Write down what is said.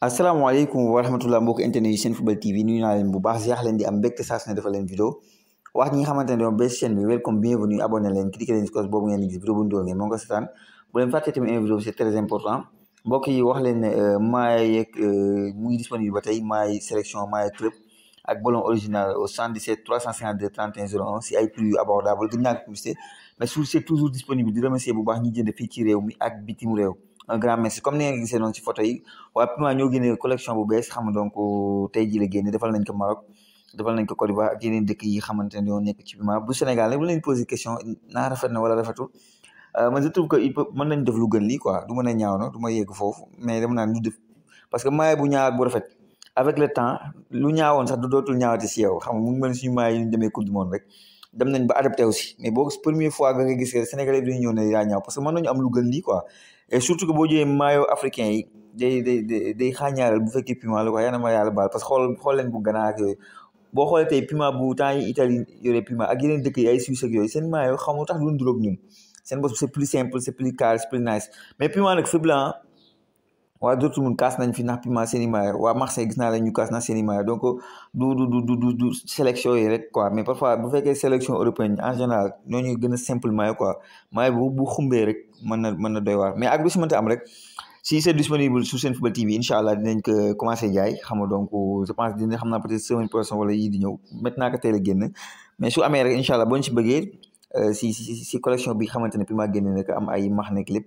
asalaamaaleykum wa rahmatulah mbokk internet chaîne football TV nuyu naa leen bu baax si yàq di am mbégte sa su ne defal leen vidéo wax ñi nga do ne chaîne bi welcome bienvenue abonné leen cliquer leen si bobu boobu ngeen di vidéo bu ndóol ngeen moo ko seetaan bu leen fàtte tamit vidéo c'est très important mbokk yi wax leen né euh, maay yeeg euh, muy disponible ba tey sélection maay club ak ballon original au 77 352 31 01 si ay prix abordable gën ko publicité mais sous c'est toujours disponible di remercier bu baax ñi jënd fi ci réew mi ak bitim réew grand merci comme ni nga gisee noonu ci photo yi waa Puma ñoo génne collection bu bees xam donc tey jii la génne defal nañ ko Maroc defal nañ ko Côte a ak yeneen dëkk yi xamante ne ñoo nekk ci Puma bu Sénégal nag bu naa rafet na wala rafetul euh, man mën nañ def lu gën lii quoi du mën a ñaaw na ma yegg foofu mais dama naan parce que maay bu ñaaw bu rafet avec le temps lu ñaawoon sax du dootul ñaawati si yow xam nga mu ngi mel suñu maay yu ñu demee coupe du monde rek dem nañ ba adapté aussi mais boo première fois nga gis Sénégalais duñu ñëw ne yaa ñaaw parce que mën nañu am lu gën lii surtout que boo jëlee maillot africain yi day day day xaañaaral bu fekkee piment la quoi yal na ma yàlla baal parce que xool xool leen bu Ghana ak yooyu boo xoolee tey piment temps Italie yore piment ak yeneen dëkk ay Suisse ak yooyu seen maillot xamu tax duñ duróog ñun c'est plus simple c'est plus nice mais piment nag fépp waa Dortmund kaas nañ fi ndax Pima seeni maillot waa na gis naa la ñu kaas na seeni maillot donc du du du du du yi rek quoi mais parfois bu fekkee sélection européenne en général ñooñu gën a simple maillot quoi maillot bu bu xumbee rek mën na mën na doy waar mais ak lu am rek si c'est disponible sur Senfootball TV incha allah dinañ ko commencé jaay xam nga donc je pense dina xam naa semaine prochaine wala yii di ñëw maintenant que teel a mais su amee rek incha allah boo si bëggee euh, si si si collection xamante ne Pima génne na am ay max nekk lépp.